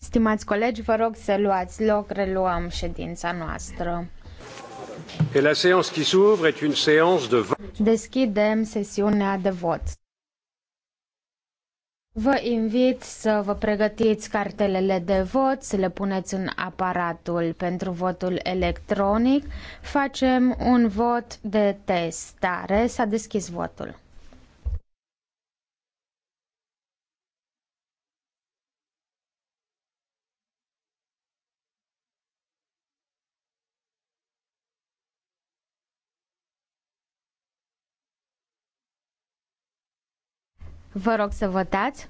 Stimați colegi, vă rog să luați loc, reluăm ședința noastră. Et la séance qui s'ouvre est une séance de Deschidem sesiunea de vot. Vă invit să vă pregătiți cartelele de vot, să le puneți în aparatul pentru votul electronic. Facem un vot de testare. S-a deschis votul. Vă rog să votați.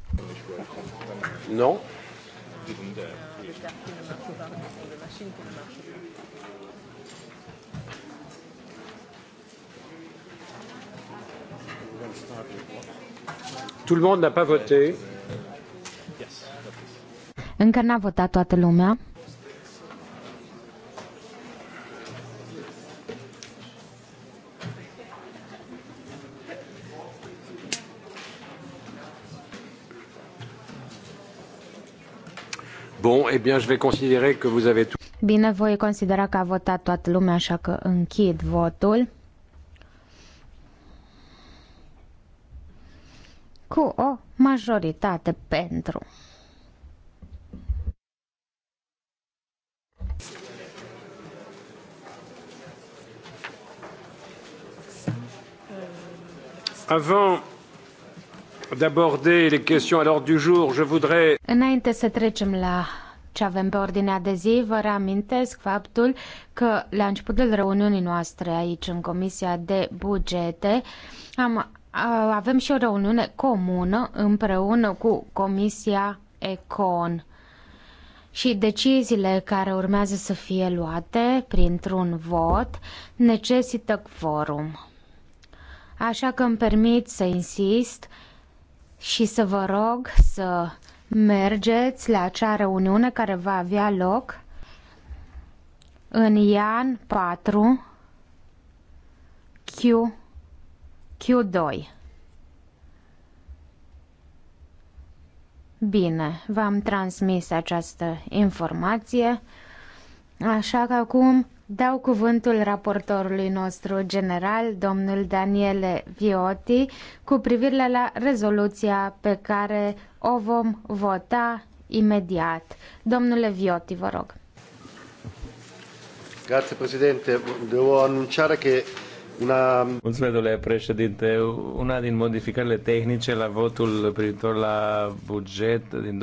Nu? Tout le monde n'a pas voté. Încă n-a votat toată lumea. Bon, eh bien, je vais considérer que vous avez tout... Bine, voi considera că a votat toată lumea, așa că închid votul. Cu o majoritate pentru. Avant Înainte să trecem la ce avem pe ordinea de zi, vă reamintesc faptul că la începutul reuniunii noastre aici în Comisia de Bugete am, avem și o reuniune comună împreună cu Comisia Econ și deciziile care urmează să fie luate printr-un vot necesită quorum. Așa că îmi permit să insist și să vă rog să mergeți la acea reuniune care va avea loc în Ian 4 Q Q2 Bine, v-am transmis această informație, așa că acum Dau cuvântul raportorului nostru general, domnul Daniele Vioti, cu privire la rezoluția pe care o vom vota imediat. Domnule Vioti, vă rog. Grazie Presidente, devo annunciare che una... Mulțumesc, domnule președinte. Una din modificările tehnice la votul privitor la buget din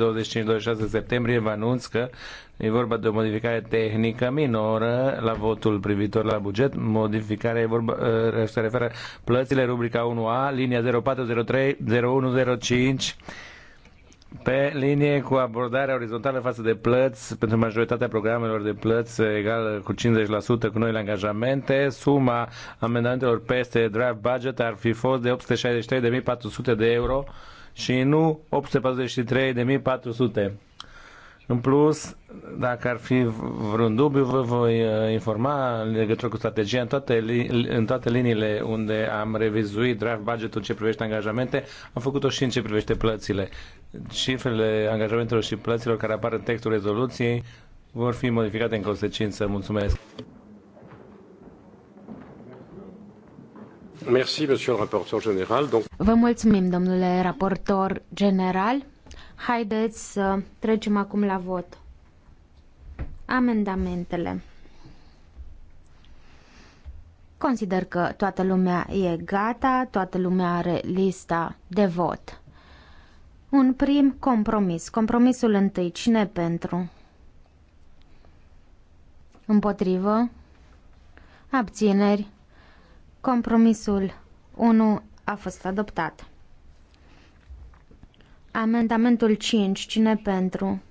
25-26 septembrie vă anunț că e vorba de o modificare tehnică minoră la votul privitor la buget. Modificarea e vorba, eh, se referă plățile rubrica 1A, linia 0403 pe linie cu abordarea orizontală față de plăți pentru majoritatea programelor de plăți egală cu 50% cu noile angajamente. Suma amendamentelor peste draft budget ar fi fost de 863.400 de euro și nu 843.400. În plus, dacă ar fi vreun dubiu, vă voi uh, informa în legătură cu strategia în toate, în toate liniile unde am revizuit draft budgetul ce privește angajamente, am făcut-o și în ce privește plățile. Cifrele angajamentelor și plăților care apar în textul rezoluției vor fi modificate în consecință. Mulțumesc! Merci, monsieur le rapporteur Donc... Vă mulțumim, domnule raportor general. Haideți să trecem acum la vot. Amendamentele. Consider că toată lumea e gata, toată lumea are lista de vot. Un prim compromis. Compromisul întâi. Cine pentru? Împotrivă? Abțineri? Compromisul 1 a fost adoptat. Amendamentul 5. Cine pentru?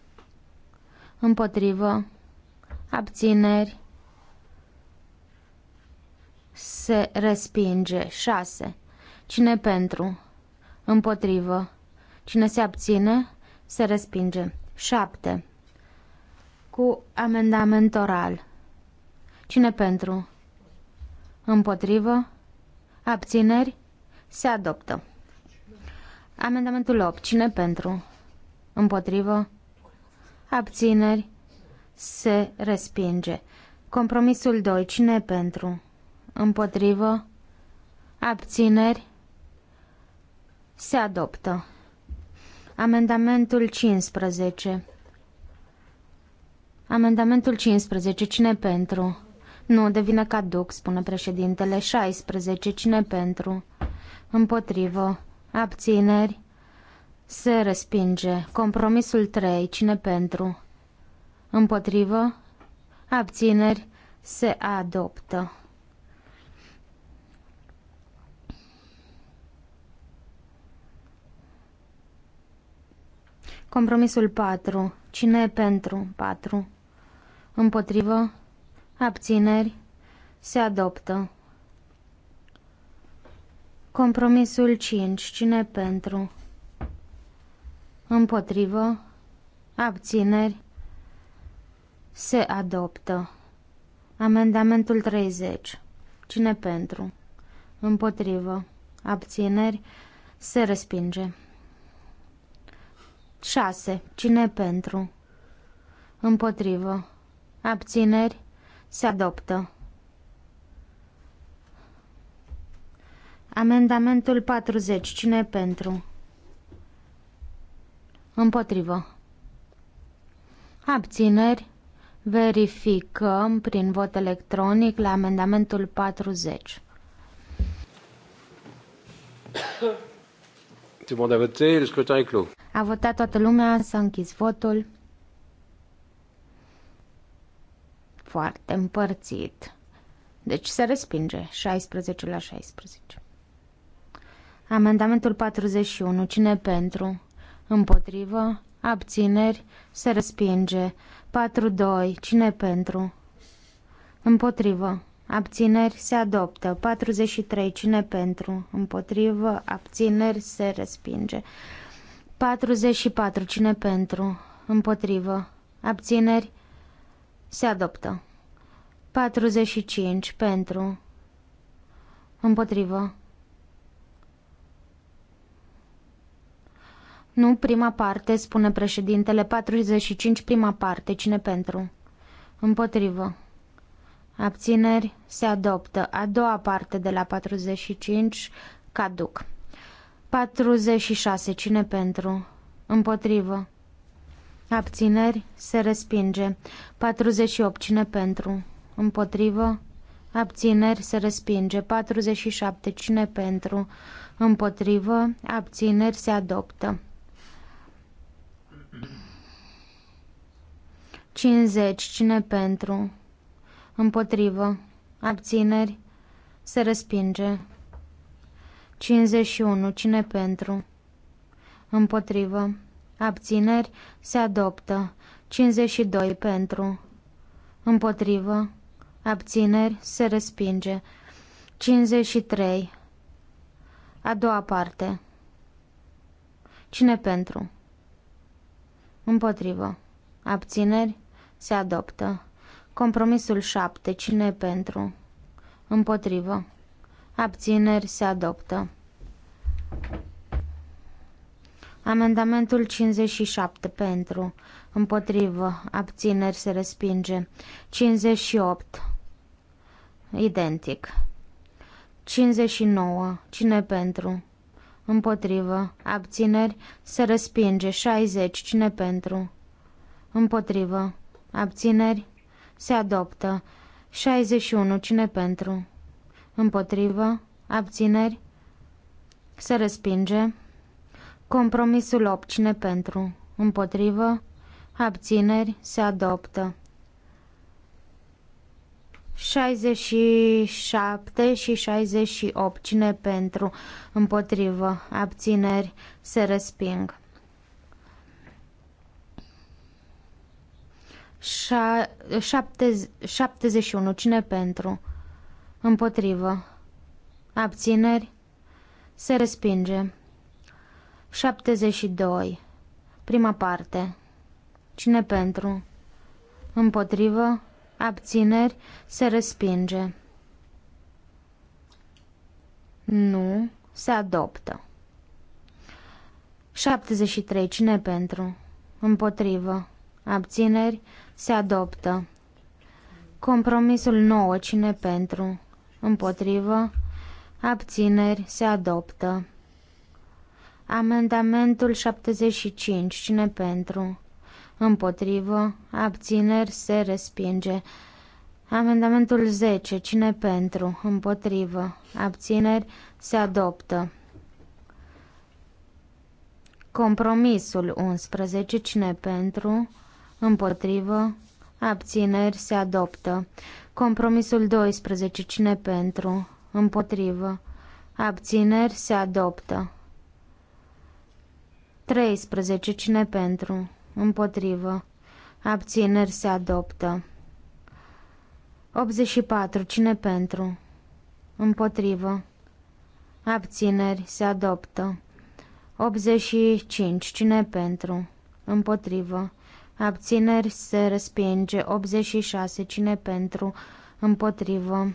Împotrivă. Abțineri. Se respinge. 6. Cine pentru? Împotrivă. Cine se abține? Se respinge. 7. Cu amendament oral. Cine pentru? Împotrivă? Abțineri? Se adoptă. Amendamentul 8. Cine pentru? Împotrivă? Abțineri? Se respinge. Compromisul 2. Cine pentru? Împotrivă? Abțineri? Se adoptă. Amendamentul 15. Amendamentul 15. Cine pentru? Nu, devine caduc, spune președintele. 16. Cine pentru? Împotrivă abțineri, se respinge. Compromisul 3, cine pentru, împotrivă, abțineri, se adoptă. Compromisul 4. Cine e pentru? 4. Împotrivă? Abțineri? Se adoptă. Compromisul 5. Cine pentru? Împotrivă. Abțineri. Se adoptă. Amendamentul 30. Cine pentru? Împotrivă. Abțineri. Se respinge. 6. Cine pentru? Împotrivă. Abțineri. Se adoptă. Amendamentul 40. Cine e pentru? Împotrivă. Abțineri. Verificăm prin vot electronic la amendamentul 40. Tout le monde a voté, le scrutin est clos. A votat toată lumea, s-a închis votul. Foarte împărțit. Deci se respinge 16 la 16. Amendamentul 41. Cine pentru? Împotrivă? Abțineri? Se respinge. 4.2. Cine pentru? Împotrivă. Abțineri se adoptă. 43. Cine pentru? Împotrivă. Abțineri se respinge. 44. Cine pentru? Împotrivă. Abțineri se adoptă. 45. Pentru. Împotrivă. Nu, prima parte, spune președintele, 45, prima parte, cine pentru? Împotrivă. Abțineri se adoptă. A doua parte de la 45, caduc. 46, cine pentru? Împotrivă. Abțineri se respinge. 48, cine pentru? Împotrivă. Abțineri se respinge. 47, cine pentru? Împotrivă. Abțineri se adoptă. 50. Cine pentru? Împotrivă. Abțineri. Se respinge. 51. Cine pentru? Împotrivă. Abțineri. Se adoptă. 52. Pentru. Împotrivă. Abțineri. Se respinge. 53. A doua parte. Cine pentru? Împotrivă. Abțineri. Se adoptă. Compromisul 7. Cine e pentru? Împotrivă. Abțineri se adoptă. Amendamentul 57 pentru. Împotrivă. Abțineri se respinge. 58. Identic. 59. Cine pentru? Împotrivă. Abțineri se respinge. 60. Cine pentru? Împotrivă. Abțineri? Se adoptă. 61. Cine pentru? Împotrivă? Abțineri? Se respinge. Compromisul 8. Cine pentru? Împotrivă? Abțineri? Se adoptă. 67 și 68. Cine pentru? Împotrivă? Abțineri? Se resping. 71. Cine pentru? Împotrivă. Abțineri. Se respinge. 72. Prima parte. Cine pentru? Împotrivă. Abțineri. Se respinge. Nu. Se adoptă. 73. Cine pentru? Împotrivă abțineri, se adoptă. Compromisul 9, cine pentru, împotrivă, abțineri, se adoptă. Amendamentul 75, cine pentru, împotrivă, abțineri, se respinge. Amendamentul 10, cine pentru, împotrivă, abțineri, se adoptă. Compromisul 11. Cine pentru? Împotrivă. Abțineri se adoptă. Compromisul 12. Cine pentru? Împotrivă. Abțineri se adoptă. 13. Cine pentru? Împotrivă. Abțineri se adoptă. 84. Cine pentru? Împotrivă. Abțineri se adoptă. 85. Cine pentru? Împotrivă. Abțineri se respinge. 86. Cine pentru? Împotrivă.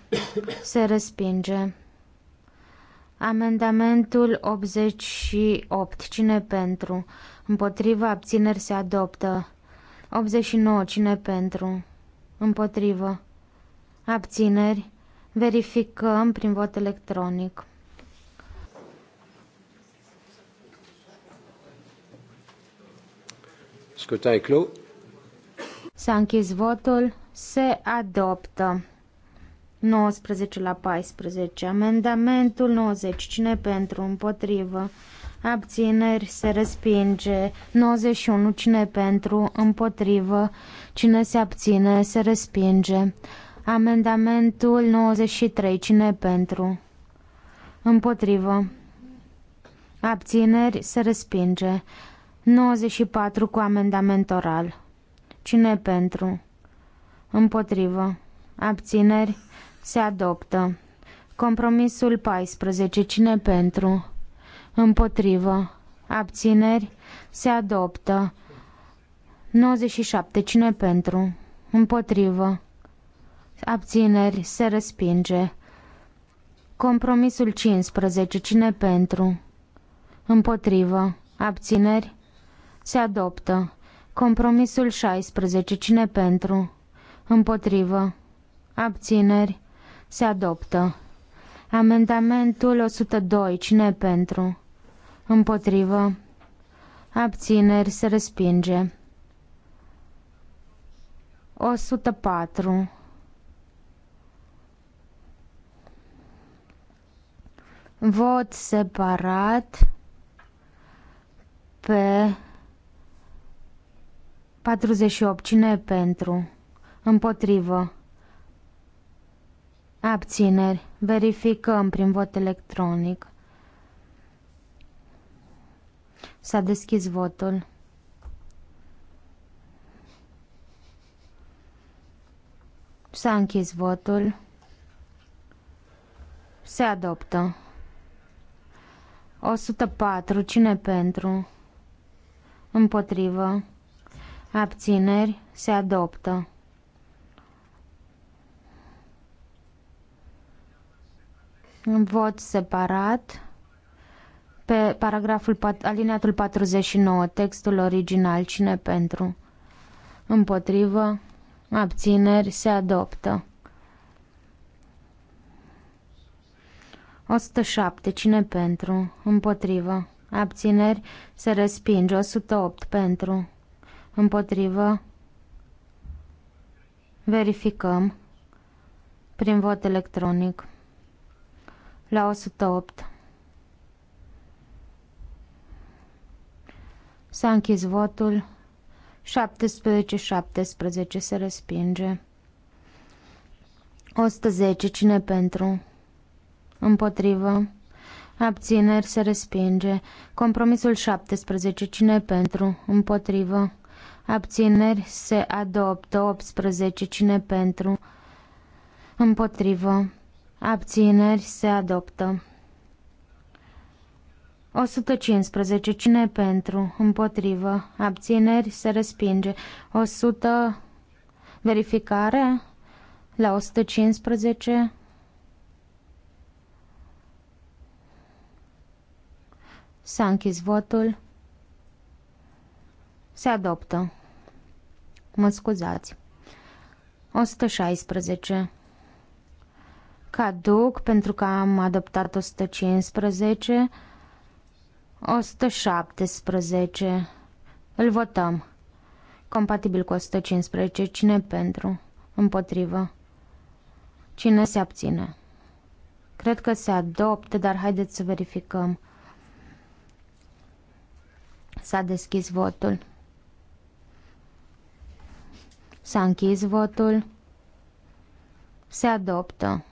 Se respinge. Amendamentul 88. Cine pentru? Împotrivă. Abțineri se adoptă. 89. Cine pentru? Împotrivă. Abțineri. Verificăm prin vot electronic. Scrutin clos. S-a închis votul. Se adoptă. 19 la 14. Amendamentul 90. Cine pentru? Împotrivă. Abțineri se respinge. 91. Cine pentru? Împotrivă. Cine se abține se respinge. Amendamentul 93. Cine pentru? Împotrivă. Abțineri se respinge. 94 cu amendament oral. Cine pentru? Împotrivă. Abțineri? Se adoptă. Compromisul 14. Cine pentru? Împotrivă. Abțineri? Se adoptă. 97. Cine pentru? Împotrivă. Abțineri? Se respinge. Compromisul 15. Cine pentru? Împotrivă. Abțineri? Se adoptă. Compromisul 16. Cine pentru? Împotrivă. Abțineri. Se adoptă. Amendamentul 102. Cine pentru? Împotrivă. Abțineri. Se respinge. 104. Vot separat pe 48. Cine e pentru? Împotrivă. Abțineri. Verificăm prin vot electronic. S-a deschis votul. S-a închis votul. Se adoptă. 104. Cine pentru? Împotrivă. Abțineri se adoptă. vot separat pe paragraful alineatul 49, textul original, cine pentru? Împotrivă, abțineri, se adoptă. 107, cine pentru? Împotrivă, abțineri, se respinge, 108 pentru împotrivă, verificăm prin vot electronic la 108. S-a închis votul. 17-17 se respinge. 110. Cine pentru? Împotrivă. Abțineri se respinge. Compromisul 17. Cine pentru? Împotrivă. Abțineri se adoptă 18. Cine pentru? Împotrivă. Abțineri se adoptă. 115. Cine pentru? Împotrivă. Abțineri se respinge. 100. Verificare? La 115. S-a închis votul. Se adoptă. Mă scuzați. 116. Caduc pentru că am adoptat 115. 117. Îl votăm. Compatibil cu 115. Cine pentru? Împotrivă. Cine se abține? Cred că se adoptă, dar haideți să verificăm. S-a deschis votul. S-a închis votul. Se adoptă.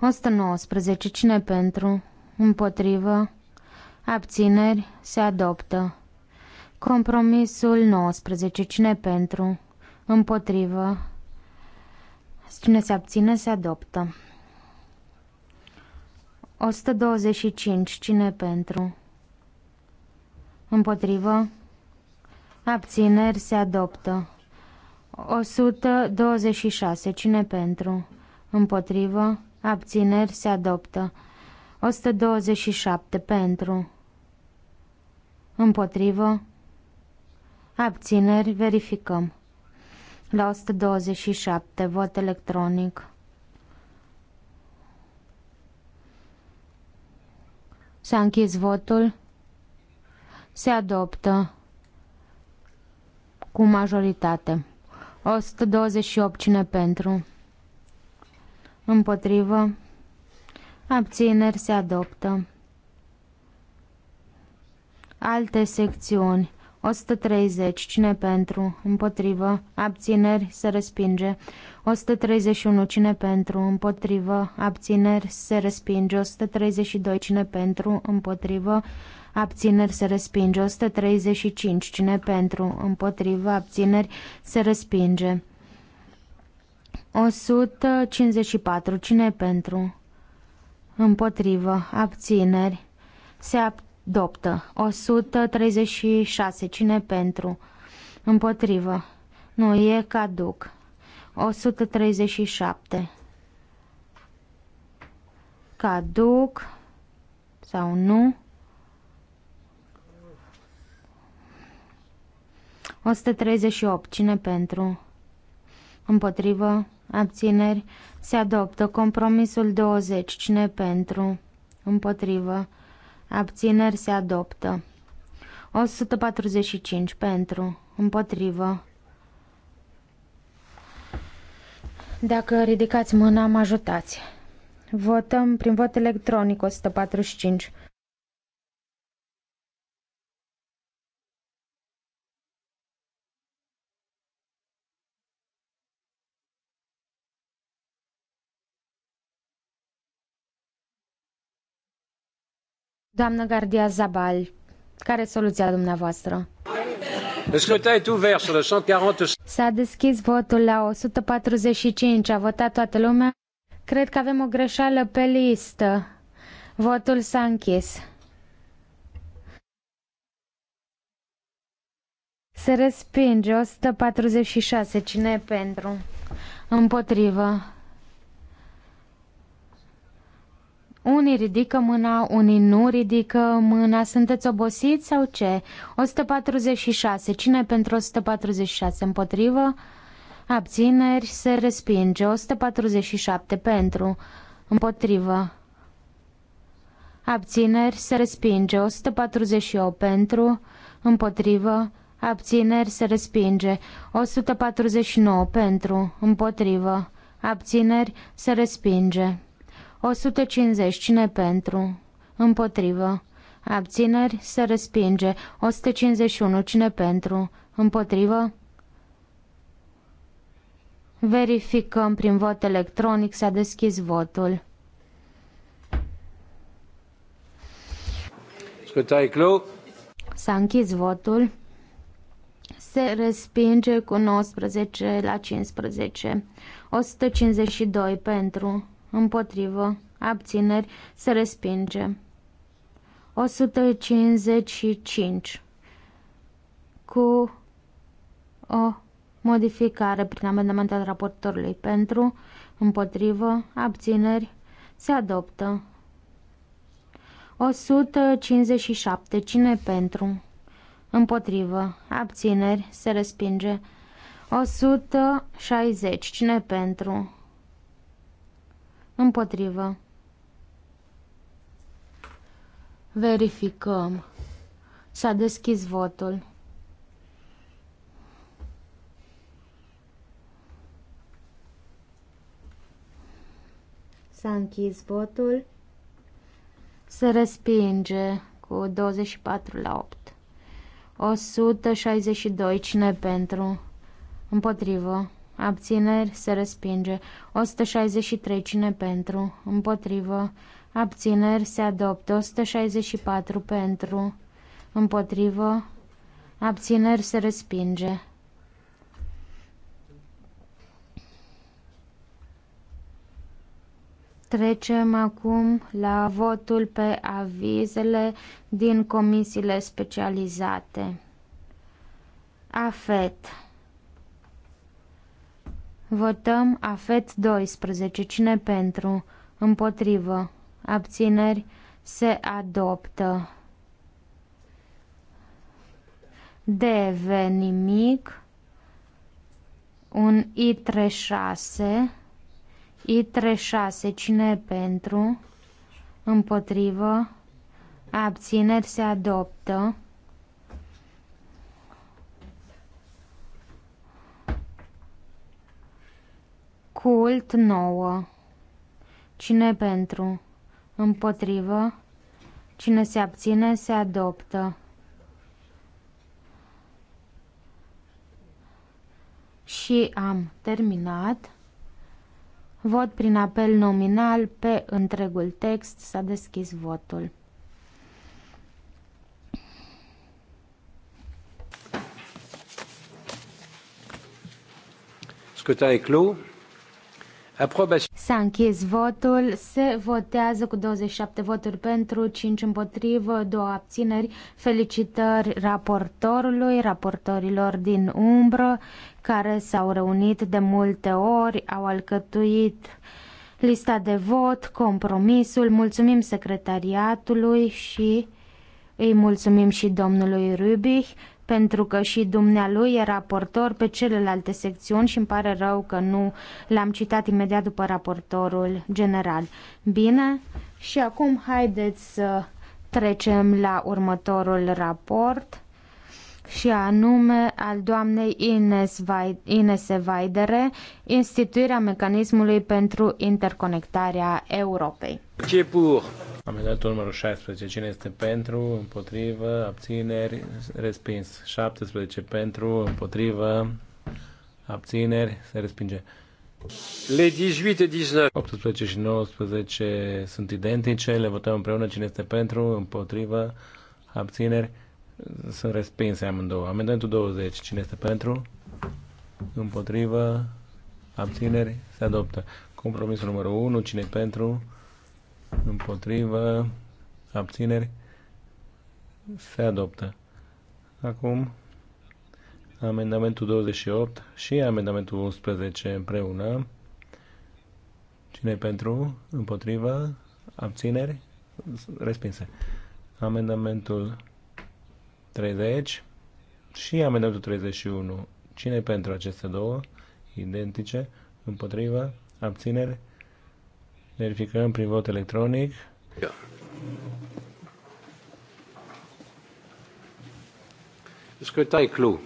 119. Cine pentru? Împotrivă. Abțineri. Se adoptă. Compromisul 19. Cine pentru? Împotrivă. Cine se abține, se adoptă. 125. Cine pentru? Împotrivă. Abțineri se adoptă. 126. Cine pentru? Împotrivă. Abțineri se adoptă. 127. Pentru. Împotrivă. Abțineri. Verificăm. La 127. Vot electronic. S-a închis votul. Se adoptă cu majoritate. 128 cine pentru? Împotrivă. Abțineri se adoptă. Alte secțiuni. 130. Cine pentru? Împotrivă. Abțineri. Se respinge. 131. Cine pentru? Împotrivă. Abțineri. Se respinge. 132. Cine pentru? Împotrivă abțineri se respinge. 135 cine pentru, împotrivă, abțineri se respinge. 154 cine pentru, împotrivă, abțineri se adoptă. 136 cine pentru, împotrivă, nu e caduc. 137 caduc sau nu. 138. Cine pentru? Împotrivă. Abțineri. Se adoptă compromisul 20. Cine pentru? Împotrivă. Abțineri se adoptă. 145 pentru. Împotrivă. Dacă ridicați mâna, mă ajutați. Votăm prin vot electronic 145. Doamnă Gardia Zabal, care e soluția dumneavoastră? S-a deschis votul la 145. A votat toată lumea. Cred că avem o greșeală pe listă. Votul s-a închis. Se respinge 146. Cine e pentru? Împotrivă. Unii ridică mâna, unii nu ridică mâna. Sunteți obosiți sau ce? 146. Cine pentru 146? Împotrivă? Abțineri se respinge. 147 pentru. Împotrivă. Abțineri se respinge. 148 pentru. Împotrivă. Abțineri se respinge. 149 pentru. Împotrivă. Abțineri se respinge. 150. Cine pentru? Împotrivă. Abțineri? Se respinge. 151. Cine pentru? Împotrivă? Verificăm prin vot electronic. S-a deschis votul. S-a închis votul. Se respinge cu 19 la 15. 152 pentru împotrivă, abțineri, se respinge. 155 cu o modificare prin amendament al raportorului pentru, împotrivă, abțineri, se adoptă. 157. Cine pentru? Împotrivă. Abțineri. Se respinge. 160. Cine pentru? Împotrivă. Verificăm. S-a deschis votul. S-a închis votul. Se respinge cu 24 la 8. 162. Cine pentru? Împotrivă. Abțineri se respinge. 163 cine pentru? Împotrivă. Abțineri se adoptă. 164 pentru. Împotrivă. Abțineri se respinge. Trecem acum la votul pe avizele din comisiile specializate. AFET Votăm AFET 12. Cine pentru? Împotrivă. Abțineri. Se adoptă. Deve nimic. Un I36. I36. Cine pentru? Împotrivă. Abțineri. Se adoptă. Cult nouă. Cine pentru? Împotrivă. Cine se abține, se adoptă. Și am terminat. Vot prin apel nominal pe întregul text. S-a deschis votul. Scrutin e clos. S-a închis votul, se votează cu 27 voturi pentru, 5 împotrivă, 2 abțineri. Felicitări raportorului, raportorilor din umbră, care s-au reunit de multe ori, au alcătuit lista de vot, compromisul. Mulțumim secretariatului și îi mulțumim și domnului Rubich pentru că și dumnealui e raportor pe celelalte secțiuni și îmi pare rău că nu l-am citat imediat după raportorul general. Bine, și acum haideți să trecem la următorul raport și anume al doamnei Ines, Weidere, Ines Vaidere, instituirea mecanismului pentru interconectarea Europei. Ce pur? Amendatul numărul 16. Cine este pentru, împotrivă, abțineri, respins. 17 pentru, împotrivă, abțineri, se respinge. Le 18 19. 18 și 19 sunt identice, le votăm împreună. Cine este pentru, împotrivă, abțineri, sunt respinse amândouă. Amendamentul 20. Cine este pentru, împotrivă, abțineri, se adoptă. Compromisul numărul 1. Cine pentru, împotrivă, abțineri, se adoptă. Acum, amendamentul 28 și amendamentul 11 împreună. Cine pentru, împotrivă, abțineri, respinse. Amendamentul 30 și amendamentul 31. Cine pentru aceste două? Identice, împotrivă, abțineri, Verificăm prin vot electronic. Da. Scrutai clu.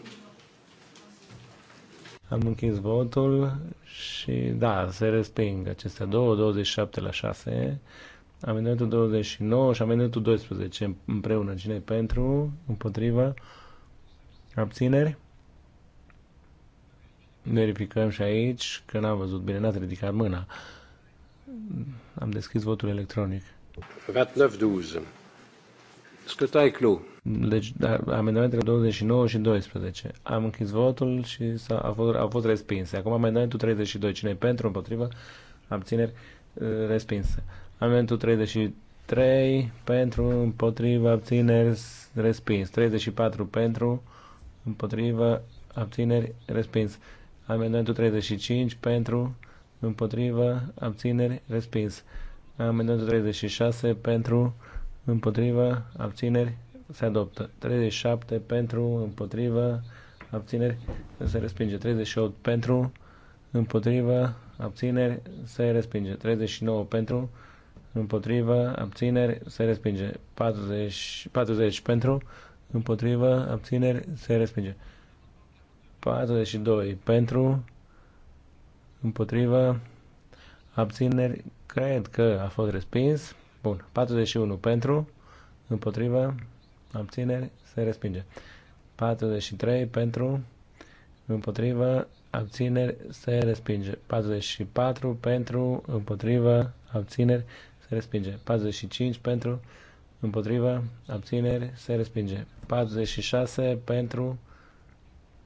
Am închis votul și da, se resping acestea două, 27 la 6, amendamentul 29 și amendamentul 12 împreună. cine pentru? Împotriva? Abțineri? Verificăm și aici că n-am văzut bine, n-ați ridicat mâna. Am deschis votul electronic. 29-12. Scrutai clu. Deci, da, amendamentele 29 și 12. Am închis votul și s-a, a, fost, a fost respinse. Acum amendamentul 32. Cine pentru, împotrivă, abțineri, uh, respinse. Amendamentul 33 pentru, împotrivă, abțineri, respins. 34 pentru, împotrivă, abțineri, respins. Amendamentul 35 pentru, împotriva, abțineri, respins. Amendamentul 36 pentru, împotriva, abțineri, se adoptă. 37 pentru, împotriva, abțineri, se respinge. 38 pentru, împotriva, abțineri, se respinge. 39 pentru, împotriva, abțineri, se respinge. 40, 40 pentru, împotriva, abțineri, se respinge. 42 pentru, împotrivă, abțineri, cred că a fost respins. Bun, 41 pentru, împotrivă, abțineri, se respinge. 43 pentru, împotrivă, abțineri, se respinge. 44 pentru, împotrivă, abțineri, se respinge. 45 pentru, împotrivă, abțineri, se respinge. 46 pentru,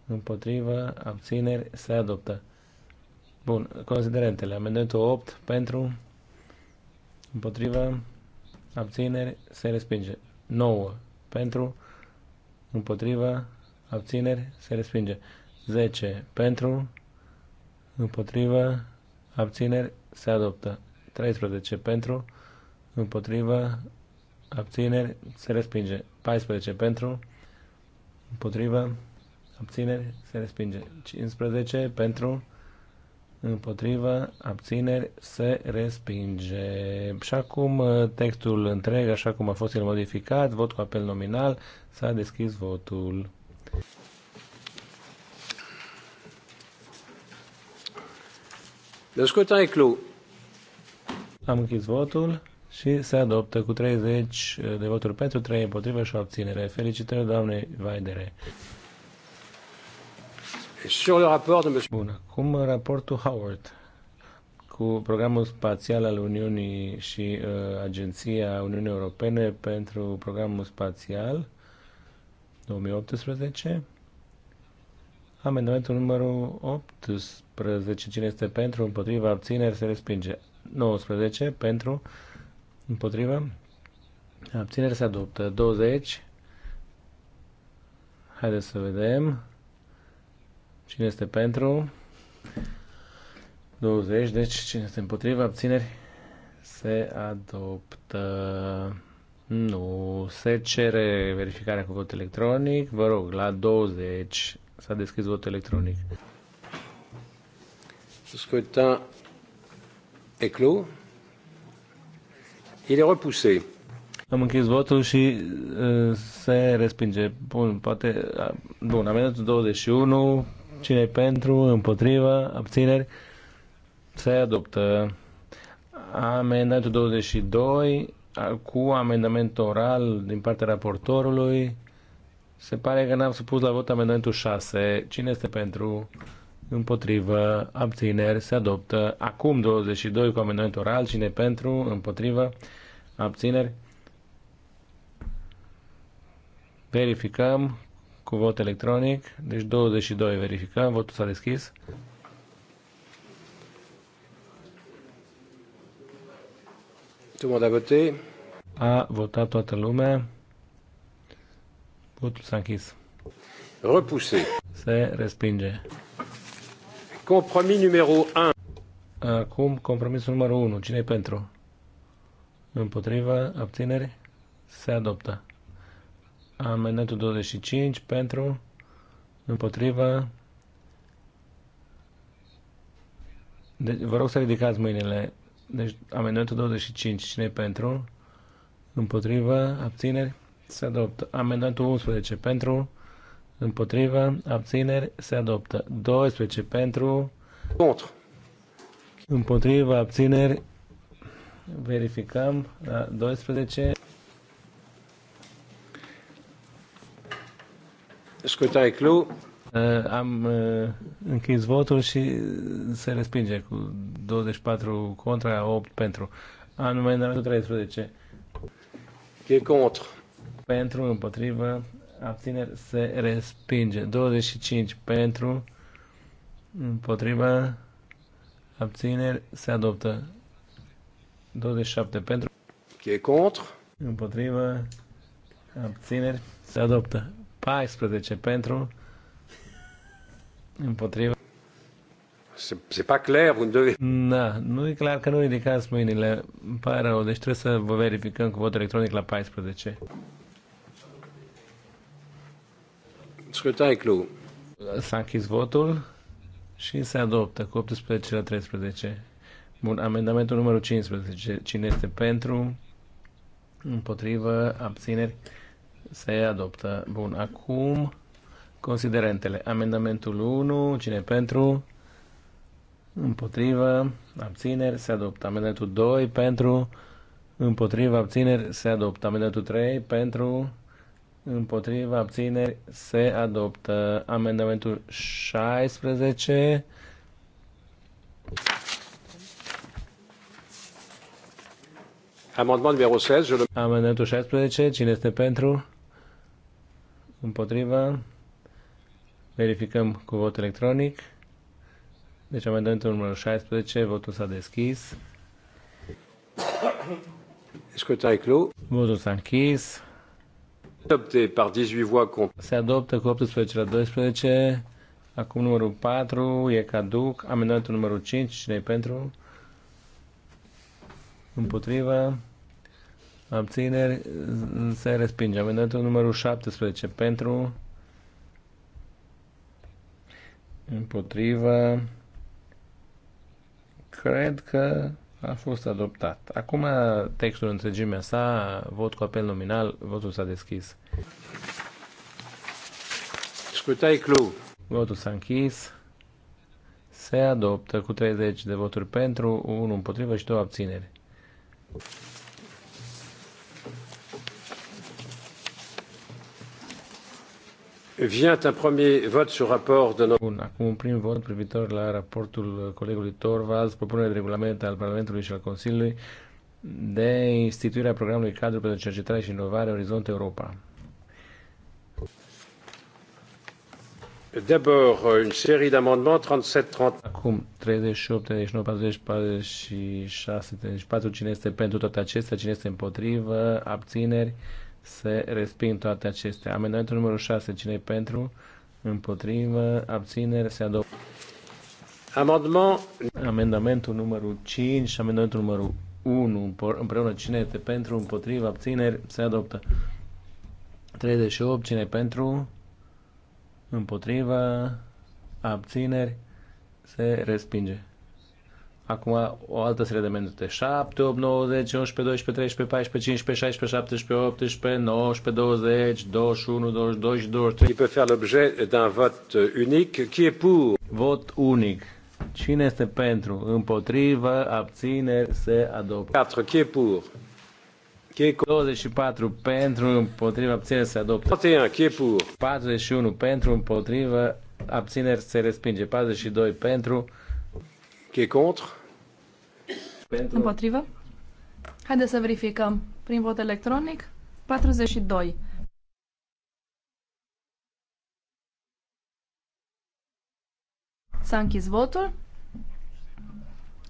împotrivă, abțineri, se adoptă. Bun, considerentele. Amendamentul 8 pentru, împotrivă, abțineri, se respinge. 9 pentru, împotrivă, abțineri, se respinge. 10 pentru, împotrivă, abțineri, se adoptă. 13 pentru, împotrivă, abțineri, se respinge. 14 pentru, împotrivă, abțineri, se respinge. 15 pentru, împotriva, abțineri, se respinge. Și acum uh, textul întreg, așa cum a fost el modificat, vot cu apel nominal, s-a deschis votul. Am închis votul și se adoptă cu 30 uh, de voturi pentru, 3 împotrivă și o abținere. Felicitări, doamne Vaidere! Sur le rapport de Bun, cum raportul Howard cu programul spațial al Uniunii și uh, Agenția Uniunii Europene pentru programul spațial 2018. Amendamentul numărul 18. Cine este pentru, împotriva, abțineri, se respinge. 19. Pentru, împotriva, abțineri, se adoptă. 20. Haideți să vedem. Cine este pentru? 20, deci cine este împotriva? Abțineri? Se adoptă. Nu, se cere verificarea cu vot electronic. Vă rog, la 20 s-a deschis votul electronic. Scrutin e clos. Il est repoussé. Am închis votul și uh, se respinge. Bun, poate... Uh, bun, amendamentul 21 Cine pentru, împotrivă, abțineri, se adoptă. Amendamentul 22 cu amendament oral din partea raportorului. Se pare că n-am supus la vot amendamentul 6. Cine este pentru? Împotrivă. Abțineri. Se adoptă. Acum 22 cu amendament oral. Cine pentru? Împotrivă. Abțineri. Verificăm cu vot electronic. Deci 22 verificăm, votul s-a deschis. a votat toată lumea. Votul s-a închis. Repoussé. Se respinge. Compromis numărul 1. Acum compromisul numărul 1. cine e pentru? Împotriva, abțineri, se adoptă. Amendamentul 25 pentru, împotriva. Deci, vă rog să ridicați mâinile. Deci, amendamentul 25, cine pentru? Împotriva, abțineri, se adoptă. Amendamentul 11 pentru, împotriva, abțineri, se adoptă. 12 pentru, Contre. Împotriva. abțineri, verificăm la 12. Scutai clu. Uh, am uh, închis votul și se respinge cu 24 contra, 8 pentru. Amendamentul 13. Qui est contre? Pentru, împotrivă, abțineri, se respinge. 25 pentru, împotrivă, abțineri, se adoptă. 27 pentru. Qui est contre? Împotrivă, abțineri, se adoptă. 14 pentru. Împotriva. Se pare clar, vă devez... Da, nu e clar că nu ridicați mâinile. Îmi pare rău, deci trebuie să vă verificăm cu vot electronic la 14. Scrutin e S-a închis votul și se adoptă cu 18 la 13. Bun, amendamentul numărul 15. Cine este pentru? Împotrivă? Abțineri? se adoptă. Bun, acum considerentele. Amendamentul 1, cine pentru? Împotrivă, abțineri, se adoptă. Amendamentul 2, pentru? Împotrivă, abțineri, se adoptă. Amendamentul 3, pentru? Împotrivă, abțineri, se adoptă. Amendamentul 16, Amendamentul 16, cine este pentru? împotriva, verificăm cu vot electronic. Deci amendamentul numărul 16, votul s-a deschis. Scrutin clos. Votul s-a închis. par 18 voix contre. Se adoptă cu 18 la 12. Acum numărul 4 e caduc. Amendamentul numărul 5, cine pentru? Împotriva abțineri, mm, se respinge. Amendamentul numărul 17 pentru, împotriva, cred că a fost adoptat. Acum textul întregimea sa, vot cu apel nominal, votul s-a deschis. Scutai clu. Votul s-a închis. Se adoptă cu 30 de voturi pentru, 1 împotrivă și 2 abțineri. vient un premier vote sur rapport de notre... Bun, acum un prim vot privitor la raportul colegului Torvalds, propunere de regulament al Parlamentului și al Consiliului de instituirea programului cadru pentru cercetare și inovare Orizont Europa. D'abord, une série d'amendements 37-30. Acum, 38, 39, 40, 46, 34, cine este pentru toate acestea, cine este împotrivă, abțineri, se resping toate acestea. Amendamentul numărul 6, cine pentru? Împotrivă, abțineri, se adoptă. Amendament. Amendamentul numărul 5 și amendamentul numărul 1 împreună cine este pentru, împotrivă, abțineri, se adoptă. 38, cine pentru, Împotrivă, abțineri, se respinge. Acum o altă serie de minute, 7, 8, 9, 10, 11, 12, 13, 14, 15, 16, 17, 18, 19, 20, 21, 22 23. Qui peut faire l'objet d'un vote unic. Qui est pour? Vot unic. Cine este pentru? Împotrivă, abține, se adoptă. 4. Qui est pour? Qui est 24 pentru, împotrivă, abține, se adoptă. 31. Qui est pour? 41 pentru, împotrivă, abțineri se respinge. 42 pentru, Qui est contre? Împotrivă? Haideți să verificăm. Prin vot electronic, 42. S-a închis votul.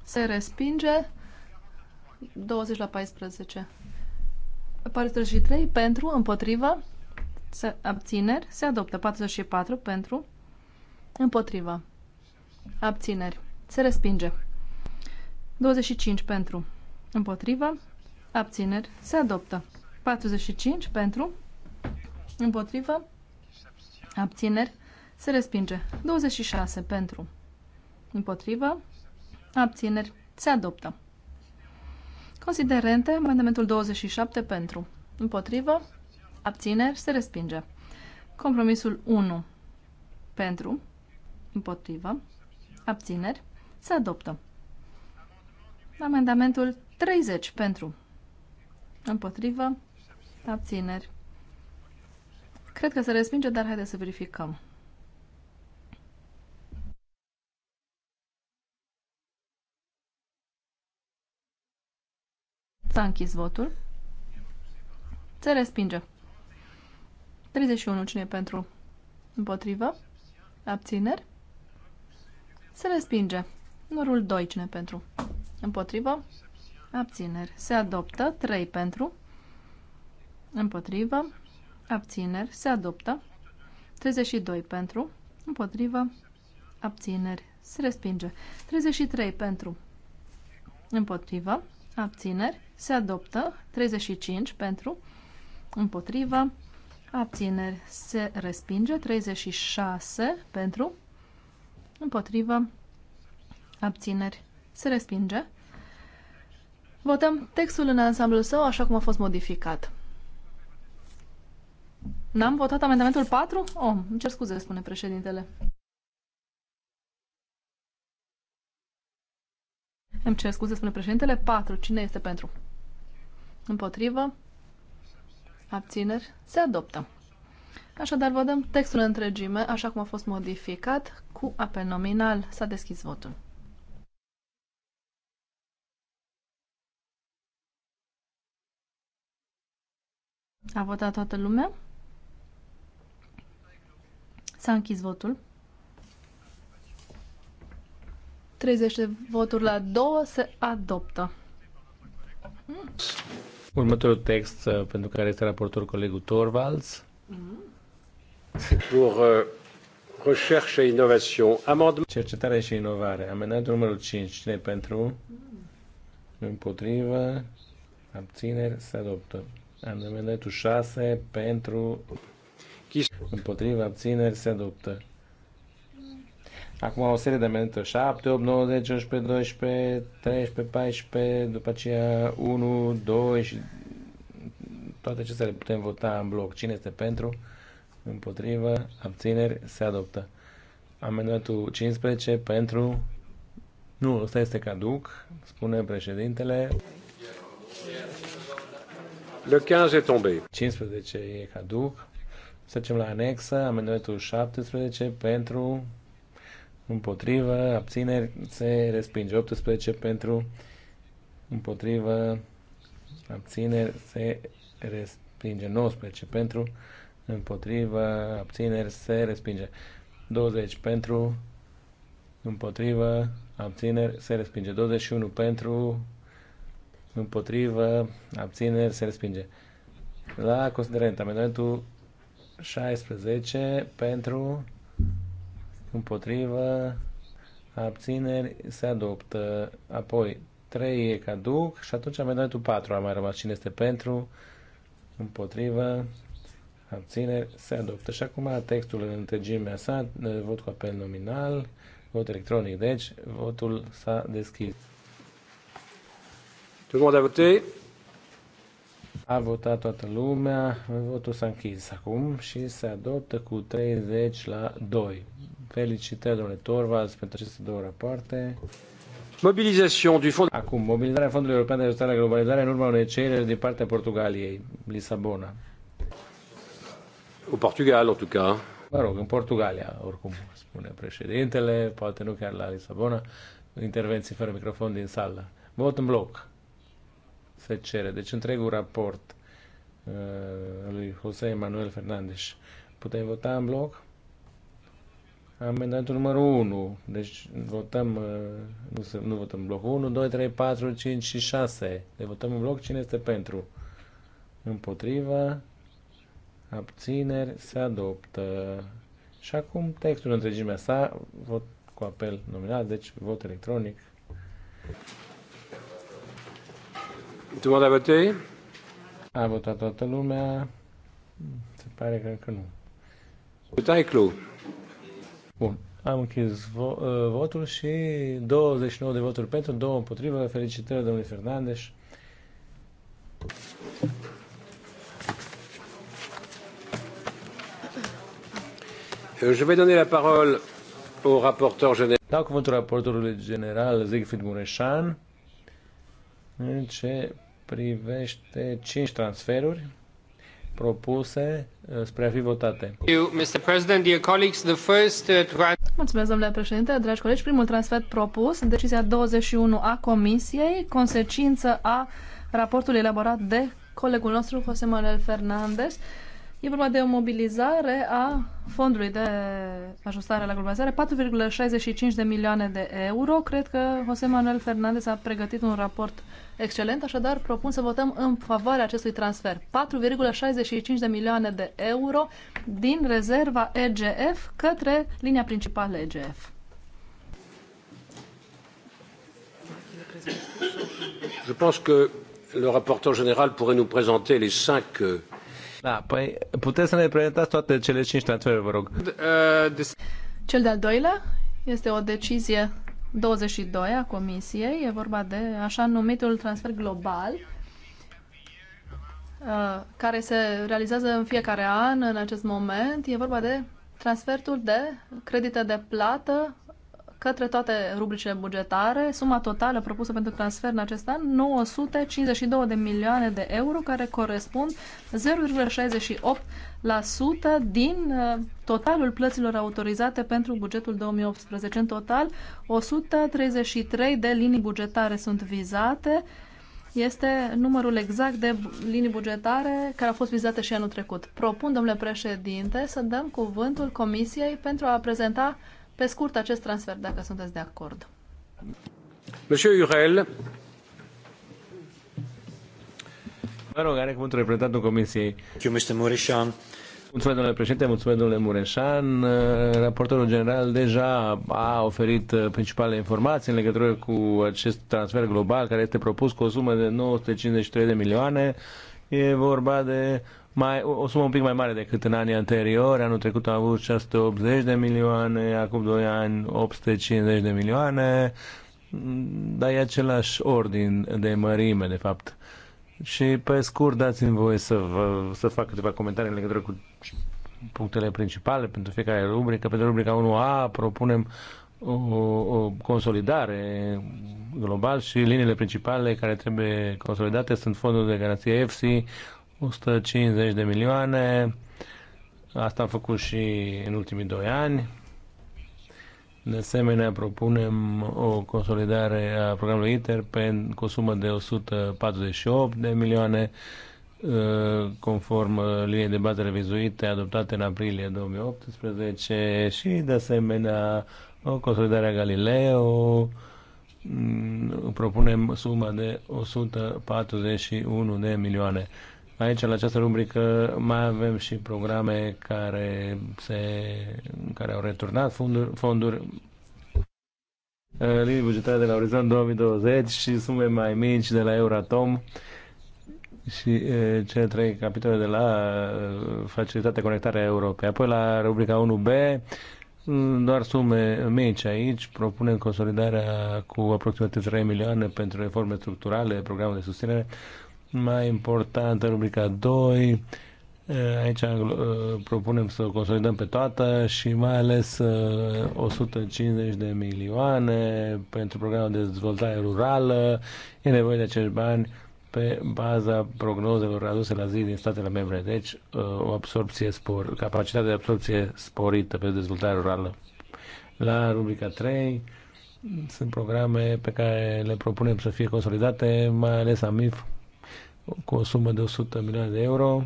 Se respinge. 20 la 14. 43 pentru, împotrivă, se, abțineri, se adoptă. 44 pentru, împotrivă, abțineri. Se respinge. 25 pentru. Împotrivă. Abțineri. Se adoptă. 45 pentru. Împotrivă. Abțineri. Se respinge. 26 pentru. Împotrivă. Abțineri. Se adoptă. Considerente. Amendamentul 27 pentru. Împotrivă. Abțineri. Se respinge. Compromisul 1 pentru. Împotrivă. Abțineri. Se adoptă. Amendamentul 30 pentru. Împotrivă. Abțineri. Cred că se respinge, dar haideți să verificăm. S-a închis votul. Se respinge. 31. Cine e pentru? Împotrivă? Abțineri? Se respinge. Numărul 2, cine pentru? Împotrivă? Abțineri. Se adoptă. 3 pentru. Împotrivă. Abțineri. Se adoptă. 32 pentru. Împotrivă. Abțineri. Se respinge. 33 pentru. Împotrivă. Abțineri. Se adoptă. 35 pentru. Împotrivă. Abțineri. Se respinge. 36 pentru. Împotrivă abțineri, se respinge. Votăm textul în ansamblul său așa cum a fost modificat. N-am votat amendamentul 4? Oh, îmi cer scuze, spune președintele. Îmi cer scuze, spune președintele. 4. Cine este pentru? Împotrivă? Abțineri? Se adoptă. Așadar, vă dăm textul întregime, așa cum a fost modificat, cu apel nominal. S-a deschis votul. A votat toată lumea? S-a închis votul. 30 de voturi la 2 se adoptă. Mm. Următorul text uh, pentru care este raportor colegul Torvalds. Mm. Pour uh, recherche et innovation. Amendement. Cercetare și inovare. Amendamentul numărul 5. Cine pentru? Mm. Împotrivă. Abțineri. Se adoptă. Amendamentul 6 pentru împotriva abțineri se adoptă. Acum o serie de amendamente 7, 8, 9, 10, 11, 12, 13, 14, după aceea 1, 2 și toate acestea le putem vota în bloc. Cine este pentru? Împotriva abțineri, se adoptă. Amendamentul 15 pentru... Nu, ăsta este caduc, spune președintele. Yeah. Yeah. Le 15 est tombé. 15 e caduc. Să trecem la anexă, amendamentul 17 pentru împotrivă, abțineri, se respinge. 18 pentru împotrivă, abțineri, se respinge. 19 pentru împotrivă, abțineri, se respinge. 20 pentru împotrivă, abțineri, se respinge. 21 pentru împotrivă, abțineri, se respinge. La considerent, amendamentul 16 pentru, împotrivă, abțineri, se adoptă. Apoi 3 e caduc și atunci amendamentul 4 a mai rămas. Cine este pentru, împotrivă, abțineri, se adoptă. Și acum textul în întregimea sa, vot cu apel nominal, vot electronic, deci votul s-a deschis. Tout le monde a voté? A votat toată lumea, votul s-a închis acum și se adoptă cu 30 la 2. Felicitări, domnule Torvalds, pentru aceste două rapoarte. Mobilizarea du fond... Acum, mobilizarea Fondului European de Ajustare la Globalizare în urma unei cereri din partea Portugaliei, Lisabona. O Portugal, în tout cas. Mă rog, în Portugalia, oricum, spune președintele, poate nu chiar la Lisabona, intervenții fără microfon din sală. Vot în bloc se cere. Deci întregul raport uh, lui José Manuel Fernández. Putem vota în bloc? Amendamentul numărul 1. Deci votăm, uh, nu, se, nu votăm bloc 1, 2, 3, 4, 5 și 6. Deci votăm în bloc cine este pentru. Împotriva. Abțineri. Se adoptă. Și acum textul întregimea sa, vot cu apel nominal, deci vot electronic. Thank you. Tout le monde a voté? A votat toată lumea. Se pare că încă nu. Votat e clos. Bun. Am închis vo- -ă, votul și 29 de voturi pentru, 2 împotrivă. Felicitări domnului Fernandes. Euh, je vais donner la parole au rapporteur général. Dau cuvântul raportorului general Siegfried Mureșan în ce privește 5 transferuri propuse uh, spre a fi votate. Uh, Mulțumesc, domnule președinte, dragi colegi. Primul transfer propus, decizia 21 a Comisiei, consecință a raportului elaborat de colegul nostru, José Manuel Fernández. E vorba de o mobilizare a fondului de ajustare la globalizare, 4,65 de milioane de euro. Cred că José Manuel Fernández a pregătit un raport uh, Excelent, așadar propun să votăm în favoarea acestui transfer. 4,65 de milioane de euro din rezerva EGF către linia principală EGF. Je pense que le rapporteur général pourrait nous présenter les cinq euh, da, păi puteți să ne prezentați toate cele cinci transferuri, vă rog. Cel de-al doilea este o decizie 22 a Comisiei. E vorba de așa numitul transfer global uh, care se realizează în fiecare an în acest moment. E vorba de transferul de credite de plată către toate rubricile bugetare, suma totală propusă pentru transfer în acest an, 952 de milioane de euro, care corespund 0,68% din uh, totalul plăților autorizate pentru bugetul 2018. În total, 133 de linii bugetare sunt vizate, este numărul exact de linii bugetare care au fost vizate și anul trecut. Propun, domnule președinte, să dăm cuvântul Comisiei pentru a prezenta pe scurt acest transfer, dacă sunteți de acord. Monsieur Urel. Vă rog, are cuvântul reprezentantul Comisiei. Mr. Mureșan. Mulțumesc, domnule președinte, mulțumesc, domnule Mureșan. Raportorul general deja a oferit principalele informații în legătură cu acest transfer global care este propus cu o sumă de 953 de milioane. E vorba de mai, o sumă un pic mai mare decât în anii anteriori. Anul trecut am avut 680 de milioane, acum 2 ani 850 de milioane, dar e același ordin de mărime, de fapt. Și pe scurt, dați-mi voie să, vă, să fac câteva comentarii în legătură cu punctele principale pentru fiecare rubrică. Pentru rubrica 1A propunem o, o consolidare global și liniile principale care trebuie consolidate sunt fondul de garanție EFSI, 150 de milioane. Asta am făcut și în ultimii doi ani. De asemenea, propunem o consolidare a programului ITER pe o sumă de 148 de milioane ă, conform liniei de bază revizuite adoptate în aprilie 2018 și, de asemenea, o consolidare a Galileo. Mm, propunem suma de 141 de milioane. Aici, la această rubrică, mai avem și programe care, se, care au returnat fonduri, fonduri linii bugetare de la Orizont 2020 și sume mai mici de la Euratom și e, cele trei capitole de la Facilitatea Conectarea Europei. Apoi la rubrica 1B, doar sume mici aici, propunem consolidarea cu aproximativ 3 milioane pentru reforme structurale, programul de susținere, mai importantă, rubrica 2. Eh, aici eh, propunem să o consolidăm pe toată și mai ales 150 eh, de milioane pentru programul de dezvoltare rurală. E nevoie de acești bani pe baza prognozelor aduse la zi din statele membre. Deci, o absorpție spor, capacitatea de absorpție sporită pe dezvoltare rurală. La rubrica 3 sunt programe pe care le propunem să fie consolidate, mai ales AMIF, cu o sumă de 100 milioane de euro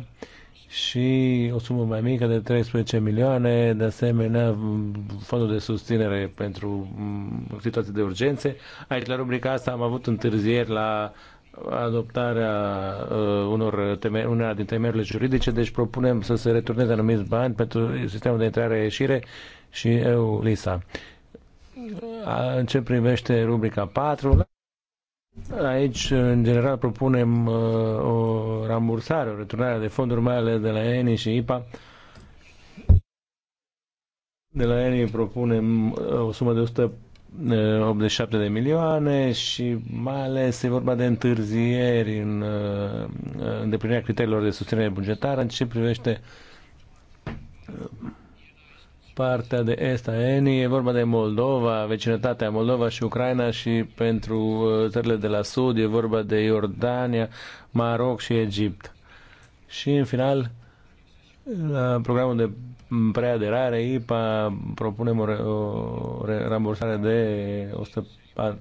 și o sumă mai mică de 13 milioane, de asemenea fondul de susținere pentru mm, situații de urgențe. Aici, la rubrica asta, am avut întârzieri la adoptarea uh, unor teme- una din temerile juridice, deci propunem să se returneze anumiți bani pentru sistemul de intrare-ieșire și eu, Lisa. În ce privește rubrica 4, Aici, în general, propunem uh, o rambursare, o returnare de fonduri, mai ales de la ENI și IPA. De la ENI propunem uh, o sumă de 187 uh, de milioane și mai ales e vorba de întârzieri în îndeplinirea criteriilor de susținere bugetară în ce privește partea de est a ENI, e vorba de Moldova, vecinătatea Moldova și Ucraina și pentru uh, țările de la sud e vorba de Iordania, Maroc și Egipt. Și în final, la programul de preaderare, IPA, propunem o, o, o rambursare de 100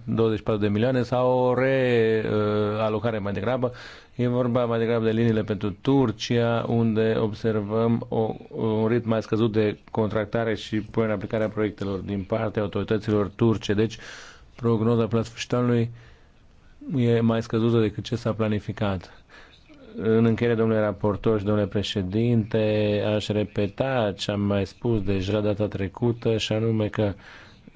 24 de milioane sau o realocare mai degrabă. E vorba mai degrabă de liniile pentru Turcia, unde observăm o, un ritm mai scăzut de contractare și până în aplicarea proiectelor din partea autorităților turce. Deci, prognoza până e mai scăzută decât ce s-a planificat în încheiere, domnule raportor și domnule președinte, aș repeta ce am mai spus deja data trecută, și anume că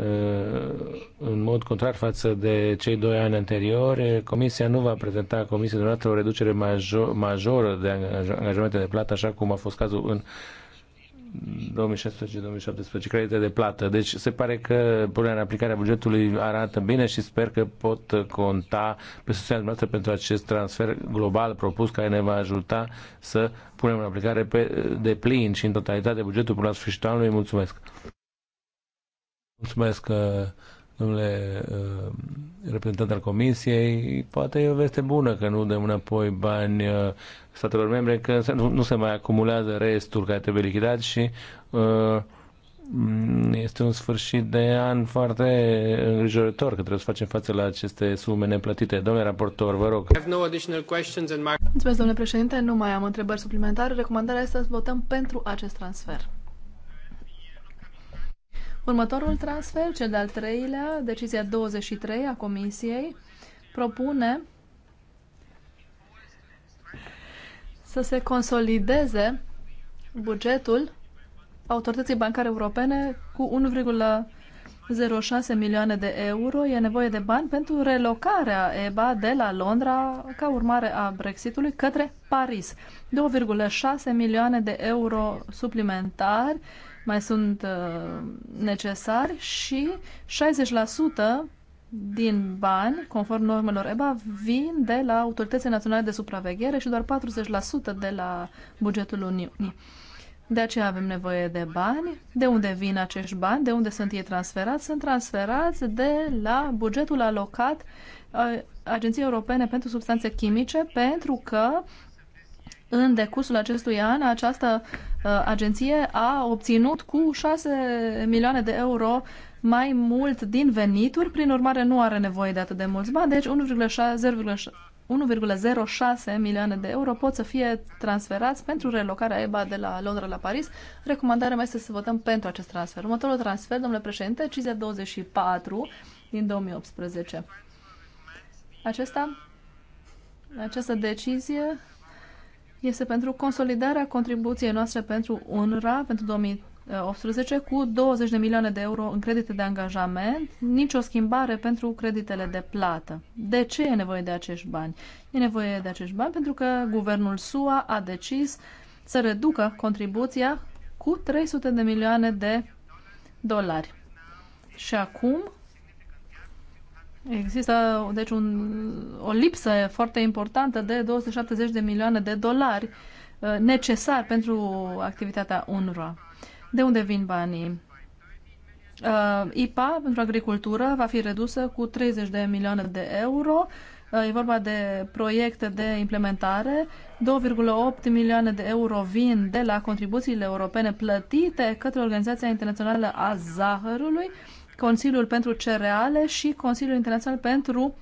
Uh, în mod contrar față de cei doi ani anteriori, Comisia nu va prezenta Comisiei dumneavoastră o reducere major, majoră de angajamente de plată, așa cum a fost cazul în 2016-2017 credite de plată. Deci se pare că punerea în aplicare a bugetului arată bine și sper că pot conta pe susținerea noastră pentru acest transfer global propus care ne va ajuta să punem în aplicare pe plin și în totalitate bugetul până la sfârșitul anului. Mulțumesc! Mulțumesc, uh, domnule uh, reprezentant al Comisiei. Poate e o veste bună că nu dăm înapoi bani uh, statelor membre, că nu se mai acumulează restul care trebuie lichidat și mm, este un sfârșit de an foarte îngrijorător că trebuie să facem față la aceste sume neplătite. Domnule raportor, vă rog. Mulțumesc, domnule președinte. Nu mai am întrebări suplimentare. Recomandarea este să votăm pentru acest transfer. Următorul transfer, cel de-al treilea, decizia 23 a Comisiei, propune să se consolideze bugetul Autorității Bancare Europene cu 1,06 milioane de euro. E nevoie de bani pentru relocarea EBA de la Londra ca urmare a Brexitului către Paris. 2,6 milioane de euro suplimentari mai sunt uh, necesari și 60% din bani, conform normelor EBA, vin de la Autoritățile Naționale de Supraveghere și doar 40% de la bugetul Uniunii. De aceea avem nevoie de bani. De unde vin acești bani? De unde sunt ei transferați? Sunt transferați de la bugetul alocat uh, Agenției Europene pentru Substanțe Chimice pentru că în decursul acestui an, această uh, agenție a obținut cu 6 milioane de euro mai mult din venituri, prin urmare nu are nevoie de atât de mulți bani, deci 1,06 milioane de euro pot să fie transferați pentru relocarea EBA de la Londra la Paris. Recomandarea mea este să votăm pentru acest transfer. Următorul transfer, domnule președinte, CIZE 24 din 2018. Acesta, această decizie este pentru consolidarea contribuției noastre pentru UNRWA pentru 2018 cu 20 de milioane de euro în credite de angajament, nicio schimbare pentru creditele de plată. De ce e nevoie de acești bani? E nevoie de acești bani pentru că guvernul SUA a decis să reducă contribuția cu 300 de milioane de dolari. Și acum Există, deci, un, o lipsă foarte importantă de 270 de milioane de dolari uh, necesar pentru activitatea UNRWA. De unde vin banii? Uh, IPA pentru agricultură va fi redusă cu 30 de milioane de euro. Uh, e vorba de proiecte de implementare. 2,8 milioane de euro vin de la contribuțiile europene plătite către Organizația Internațională a Zahărului Consiliul pentru Cereale și Consiliul Internațional pentru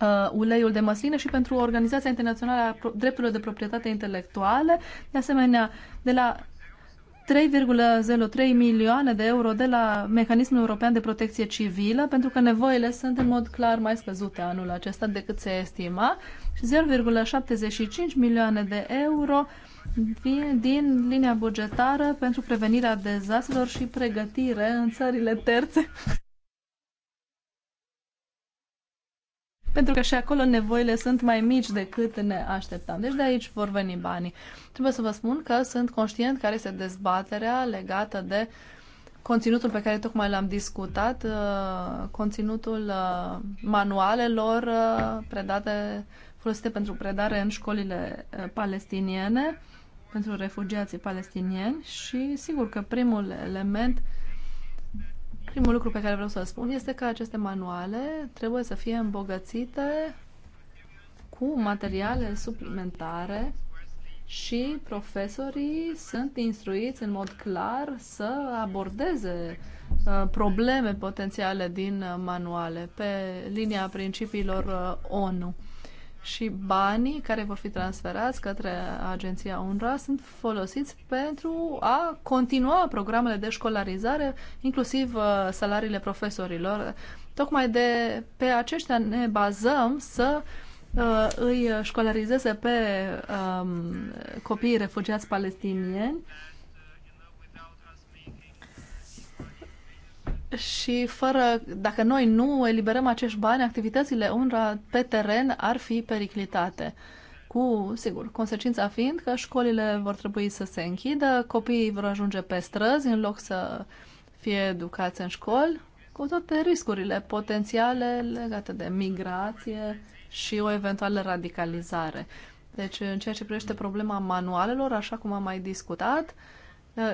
uh, uleiul de măsline și pentru Organizația Internațională a Drepturilor de Proprietate Intelectuale. De asemenea, de la 3,03 milioane de euro de la Mecanismul European de Protecție Civilă, pentru că nevoile sunt în mod clar mai scăzute anul acesta decât se estima. 0,75 milioane de euro din linia bugetară pentru prevenirea dezastrelor și pregătire în țările terțe. pentru că și acolo nevoile sunt mai mici decât ne așteptam. Deci de aici vor veni banii. Trebuie să vă spun că sunt conștient care este dezbaterea legată de conținutul pe care tocmai l-am discutat, uh, conținutul uh, manualelor uh, predate folosite pentru predare în școlile eh, palestiniene, pentru refugiații palestinieni și sigur că primul element, primul lucru pe care vreau să-l spun este că aceste manuale trebuie să fie îmbogățite cu materiale suplimentare și profesorii sunt instruiți în mod clar să abordeze eh, probleme potențiale din eh, manuale pe linia principiilor ONU și banii care vor fi transferați către agenția UNRWA sunt folosiți pentru a continua programele de școlarizare, inclusiv uh, salariile profesorilor. Tocmai de pe aceștia ne bazăm să uh, îi școlarizeze pe um, copiii refugiați palestinieni și fără, dacă noi nu eliberăm acești bani, activitățile UNRWA pe teren ar fi periclitate. Cu, sigur, consecința fiind că școlile vor trebui să se închidă, copiii vor ajunge pe străzi în loc să fie educați în școli, cu toate riscurile potențiale legate de migrație și o eventuală radicalizare. Deci, în ceea ce privește problema manualelor, așa cum am mai discutat,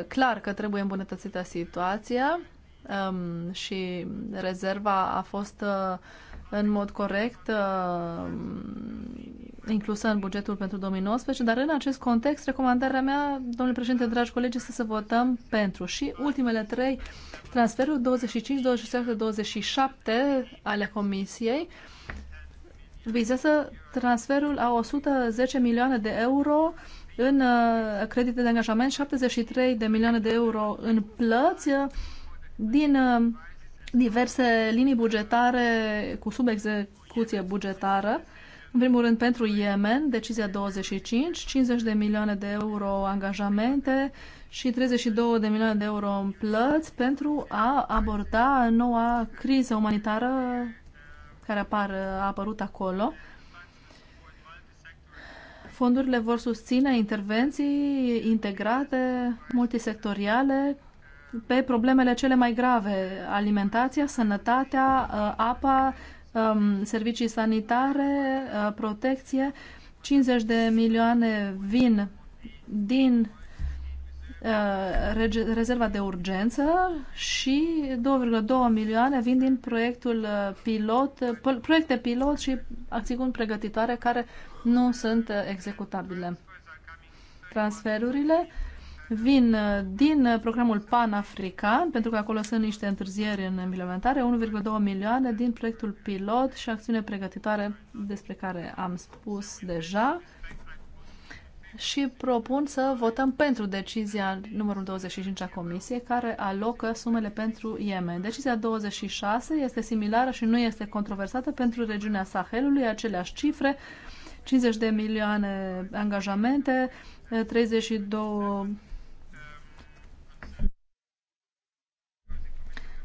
clar că trebuie îmbunătățită situația, um, și rezerva a fost uh, în mod corect uh, inclusă în bugetul pentru 2019, dar în acest context recomandarea mea, domnule președinte, dragi colegi, este să votăm pentru. Și ultimele trei transferuri, 25, 26, 27 ale Comisiei, vizează transferul a 110 milioane de euro în uh, credite de angajament, 73 de milioane de euro în plăți, din uh, diverse linii bugetare cu subexecuție bugetară. În primul rând pentru Yemen, decizia 25, 50 de milioane de euro angajamente și 32 de milioane de euro în plăți pentru a aborda noua criză umanitară care apar, a apărut acolo. Fondurile vor susține intervenții integrate, multisectoriale, pe problemele cele mai grave, alimentația, sănătatea, uh, apa, um, servicii sanitare, uh, protecție. 50 de milioane vin din uh, rezerva de urgență și 2,2 milioane vin din proiectul pilot, proiecte pilot și acțiuni pregătitoare care nu sunt executabile. Transferurile vin uh, din uh, programul Pan-African, pentru că acolo sunt niște întârzieri în implementare, 1,2 milioane din proiectul pilot și acțiune pregătitoare despre care am spus deja și propun să votăm pentru decizia numărul 25 a Comisiei, care alocă sumele pentru Yemen. Decizia 26 este similară și nu este controversată pentru regiunea Sahelului, aceleași cifre, 50 de milioane angajamente, 32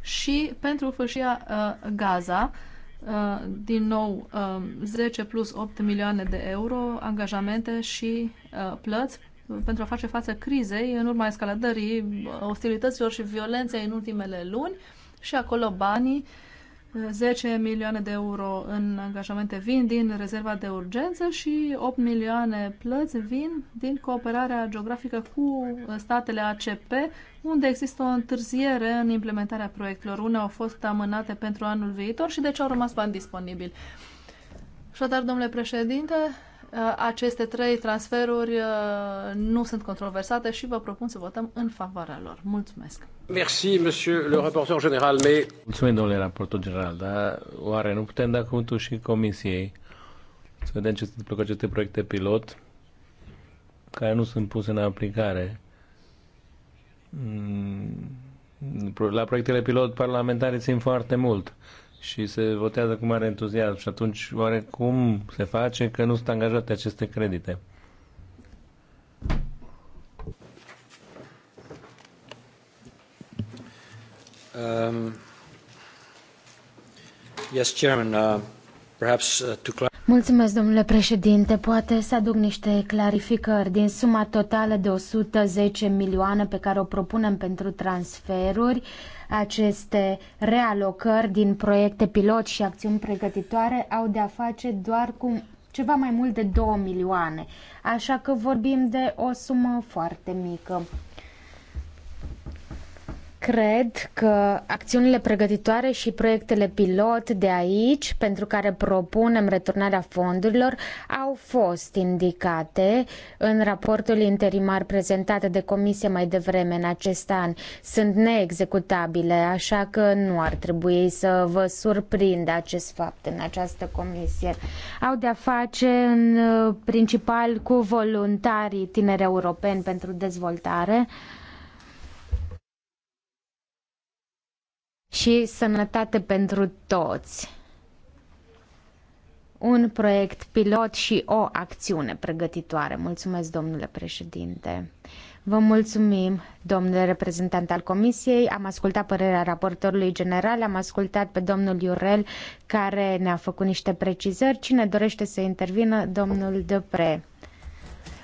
și pentru fâșia uh, Gaza, uh, din nou uh, um, 10 plus 8 milioane de euro, angajamente și uh, plăți pentru a face față crizei în urma escaladării uh, ostilităților și violenței în ultimele luni și acolo banii uh, 10 milioane de euro în angajamente vin din rezerva de urgență și 8 milioane plăți vin din cooperarea geografică cu statele ACP, unde există o întârziere în implementarea proiectelor. Unele au fost amânate pentru anul viitor și de deci au rămas bani disponibili. Așadar, domnule președinte, Uh, aceste trei transferuri uh, nu sunt controversate și vă propun să votăm în favoarea lor. Mulțumesc. Merci, monsieur le rapporteur general, mais... Mulțumim, domnule raportor general, dar oare nu putem da cuvântul și comisiei să vedem ce se întâmplă cu aceste proiecte pilot care nu sunt puse în aplicare? Mm, la proiectele pilot parlamentare țin foarte mult și se votează cu mare entuziasm. Și atunci, oare cum se face că nu sunt angajate aceste credite? Um, yes, Chairman, uh, perhaps uh, to clarify. Mulțumesc, domnule președinte. Poate să aduc niște clarificări. Din suma totală de 110 milioane pe care o propunem pentru transferuri, uh, aceste realocări din proiecte pilot și acțiuni pregătitoare au de-a face doar cu ceva mai mult de 2 milioane, așa că vorbim de o sumă foarte mică. Cred că acțiunile pregătitoare și proiectele pilot de aici, pentru care propunem returnarea fondurilor, au fost indicate în raportul interimar prezentat de comisie mai devreme în acest an. Sunt neexecutabile, așa că nu ar trebui să vă surprindă acest fapt în această comisie. Au de-a face în uh, principal cu voluntarii tineri europeni pentru dezvoltare. și sănătate pentru toți. Un proiect pilot și o acțiune pregătitoare. Mulțumesc, domnule președinte. Vă mulțumim, domnule reprezentant al Comisiei. Am ascultat părerea raportorului general, am ascultat pe domnul Iurel, care ne-a făcut niște precizări. Cine dorește să intervină? Domnul Depre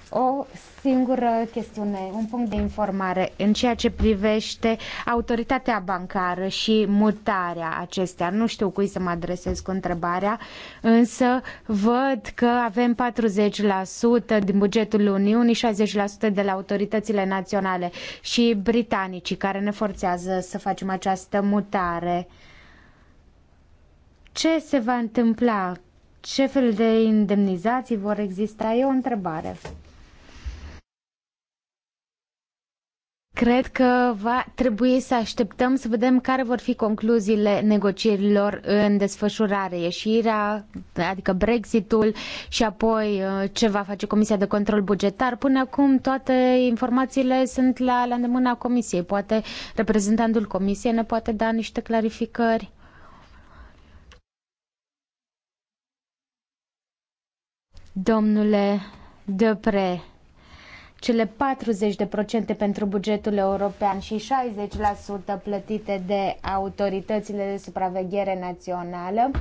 o singură chestiune, un punct de informare în ceea ce privește autoritatea bancară și mutarea acestea. Nu știu cui să mă adresez cu întrebarea, însă văd că avem 40% din bugetul Uniunii, 60% de la autoritățile naționale și britanicii care ne forțează să facem această mutare. Ce se va întâmpla? Ce fel de indemnizații vor exista? E o întrebare. Cred că va trebui să așteptăm să vedem care vor fi concluziile negocierilor în desfășurare, ieșirea, adică Brexitul și apoi uh, ce va face Comisia de Control Bugetar. Până acum toate informațiile sunt la, la îndemâna Comisiei. Poate reprezentantul Comisiei ne poate da niște clarificări. Domnule Depre, cele 40% pentru bugetul european și 60% plătite de autoritățile de supraveghere națională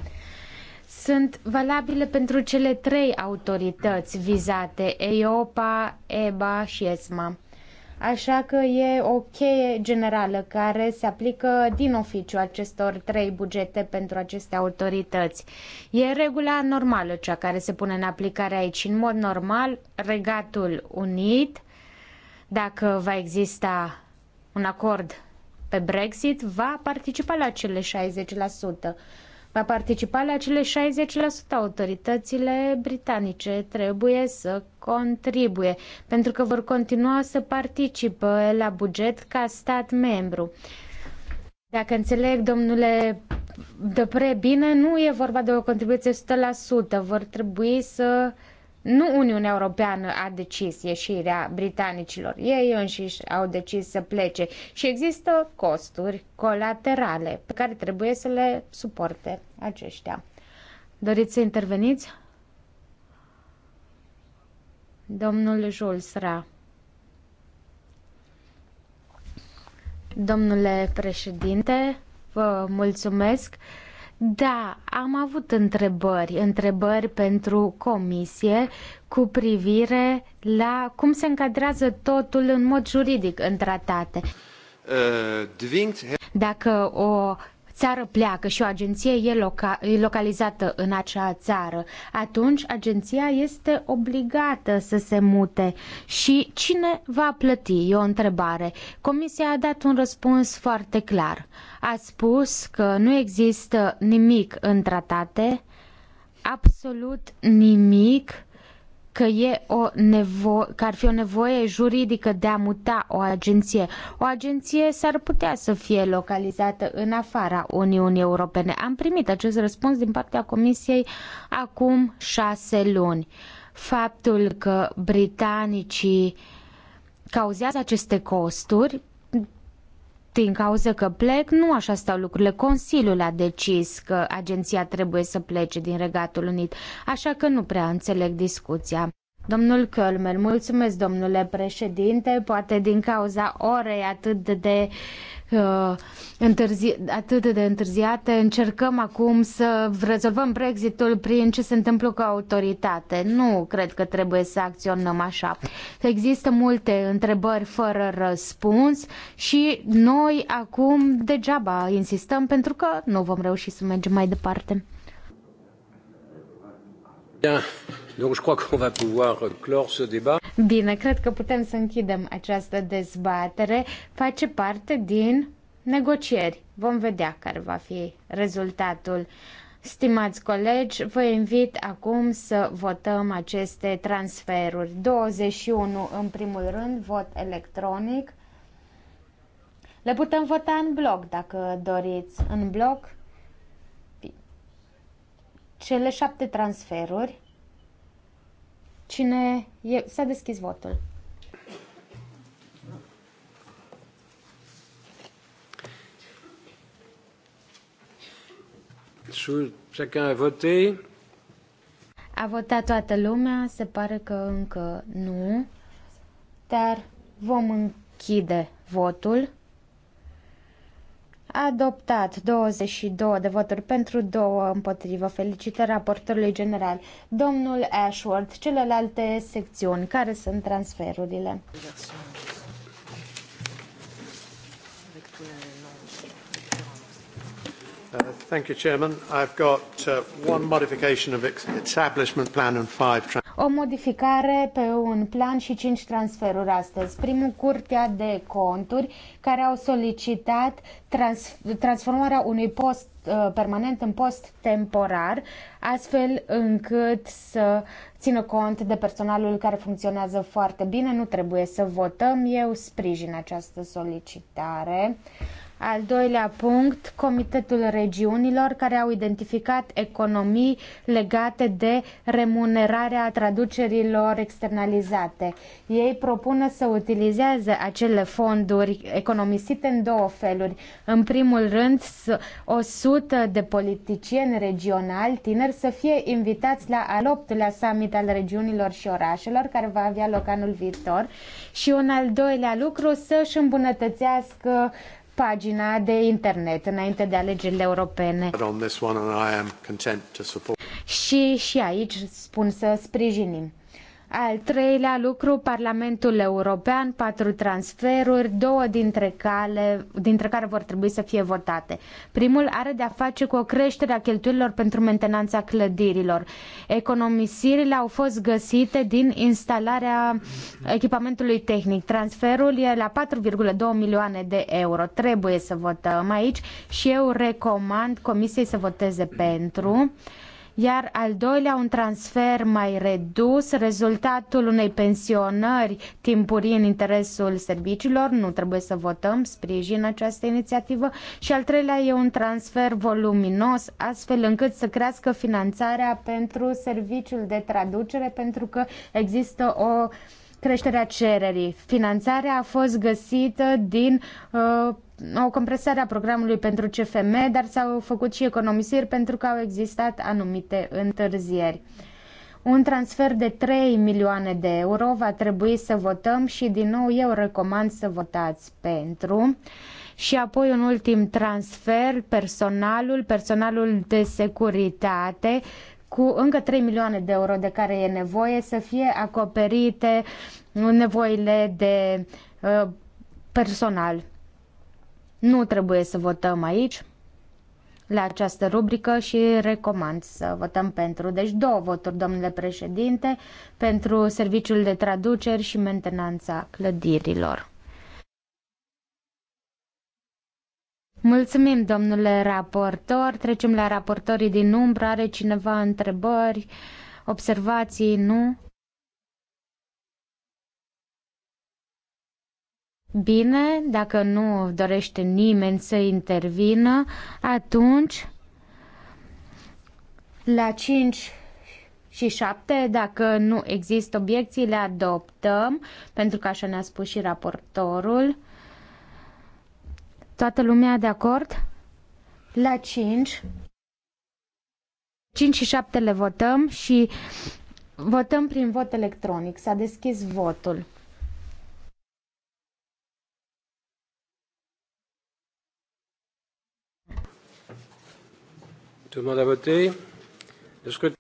sunt valabile pentru cele trei autorități vizate, EIOPA, EBA și ESMA. Așa că e o cheie generală care se aplică din oficiu acestor trei bugete pentru aceste autorități. E regula normală cea care se pune în aplicare aici. În mod normal, Regatul Unit, dacă va exista un acord pe Brexit, va participa la cele 60% va participa la cele 60%. Autoritățile britanice trebuie să contribuie, pentru că vor continua să participe la buget ca stat membru. Dacă înțeleg, domnule Dăpre, bine, nu e vorba de o contribuție 100%, vor trebui să nu Uniunea Europeană a decis ieșirea britanicilor. Ei înșiși au decis să plece și există costuri colaterale pe care trebuie să le suporte aceștia. Doriți să interveniți? Domnul Jules Ra. Domnule președinte, vă mulțumesc. Da, am avut întrebări, întrebări pentru comisie cu privire la cum se încadrează totul în mod juridic în tratate. Uh, Dacă o țară pleacă și o agenție e, loca- e localizată în acea țară, atunci agenția este obligată să se mute. Și cine va plăti? E o întrebare. Comisia a dat un răspuns foarte clar. A spus că nu există nimic în tratate, absolut nimic că, e o nevo- că ar fi o nevoie juridică de a muta o agenție. O agenție s-ar putea să fie localizată în afara Uniunii Europene. Am primit acest răspuns din partea Comisiei acum șase luni. Faptul că britanicii cauzează aceste costuri din cauza că plec, nu așa stau lucrurile. Consiliul a decis că agenția trebuie să plece din Regatul Unit, așa că nu prea înțeleg discuția. Domnul Kölmer, mulțumesc, domnule președinte, poate din cauza orei atât de uh, întârzi, atât de întârziate, încercăm acum să rezolvăm Brexitul prin ce se întâmplă cu autoritate. Nu cred că trebuie să acționăm așa. Există multe întrebări fără răspuns și noi acum degeaba insistăm pentru că nu vom reuși să mergem mai departe. Bine, cred că putem să închidem această dezbatere. Face parte din negocieri. Vom vedea care va fi rezultatul. Stimați colegi, vă invit acum să votăm aceste transferuri. 21 în primul rând, vot electronic. Le putem vota în bloc dacă doriți. În bloc, cele șapte transferuri. Cine e... S-a deschis votul. Chacun a voté. A votat toată lumea, se pare că încă nu, dar vom închide votul. Adoptat 22 de voturi pentru, 2 împotrivă. Felicitări raportorului general. Domnul Ashworth, celelalte secțiuni, care sunt transferurile? Uh, thank you, Chairman. I've got uh, one modification of establishment plan and five. O modificare pe un plan și cinci transferuri astăzi. Primul, Curtea de Conturi, care au solicitat trans transformarea unui post uh, permanent în post temporar, astfel încât să țină cont de personalul care funcționează foarte bine. Nu trebuie să votăm, eu sprijin această solicitare. Uh, al doilea punct, Comitetul Regiunilor, care au identificat economii legate de remunerarea traducerilor externalizate. Ei propună să utilizeze acele fonduri economisite în două feluri. În primul rând, 100 de politicieni regionali tineri să fie invitați la al 8-lea summit al regiunilor și orașelor, care va avea loc anul viitor. Și un al doilea lucru, să-și îmbunătățească pagina de internet înainte de alegerile europene. Și și aici spun să sprijinim. Al treilea lucru, Parlamentul European, patru transferuri, două dintre, cale, dintre care vor trebui să fie votate. Primul are de-a face cu o creștere a cheltuielilor pentru mentenanța clădirilor. Economisirile au fost găsite din instalarea echipamentului tehnic. Transferul e la 4,2 milioane de euro. Trebuie să votăm aici și eu recomand Comisiei să voteze pentru iar al doilea un transfer mai redus, rezultatul unei pensionări timpurii în interesul serviciilor, nu trebuie să votăm, sprijin această inițiativă, și al treilea e un transfer voluminos, astfel încât să crească finanțarea pentru serviciul de traducere, pentru că există o creșterea cererii. Finanțarea a fost găsită din uh, o compresare a programului pentru CFM, dar s-au făcut și economisiri pentru că au existat anumite întârzieri. Un transfer de 3 milioane de euro va trebui să votăm și din nou eu recomand să votați pentru. Și apoi un ultim transfer, personalul, personalul de securitate cu încă 3 milioane de euro de care e nevoie să fie acoperite nevoile de uh, personal. Nu trebuie să votăm aici la această rubrică și recomand să votăm pentru. Deci două voturi, domnule președinte, pentru serviciul de traduceri și mentenanța clădirilor. Mulțumim, domnule raportor. Trecem la raportorii din umbră. Are cineva întrebări, observații? Nu? Bine, dacă nu dorește nimeni să intervină, atunci la 5 și 7, dacă nu există obiecții, le adoptăm, pentru că așa ne-a spus și raportorul. Toată lumea de acord? La 5. 5 și 7 le votăm și votăm prin vot electronic. S-a deschis votul.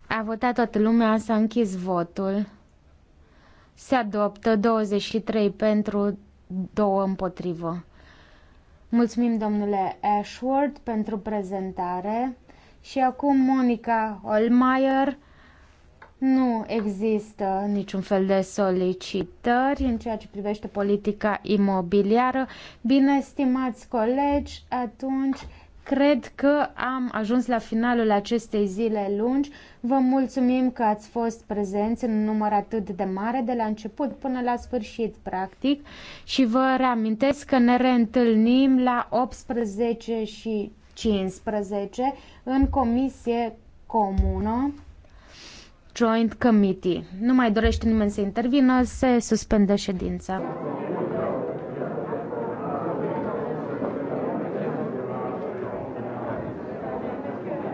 A votat toată lumea, s-a închis votul. Se adoptă 23 pentru, 2 împotrivă. Mulțumim domnule Ashworth pentru prezentare și acum Monica Olmeyer. Nu există niciun fel de solicitări în ceea ce privește politica imobiliară. Bine, stimați colegi, atunci Cred că am ajuns la finalul acestei zile lungi. Vă mulțumim că ați fost prezenți în număr atât de mare de la început până la sfârșit, practic. Și vă reamintesc că ne reîntâlnim la 18 și 15 în comisie comună. Joint Committee. Nu mai dorește nimeni să intervină, se suspendă ședința.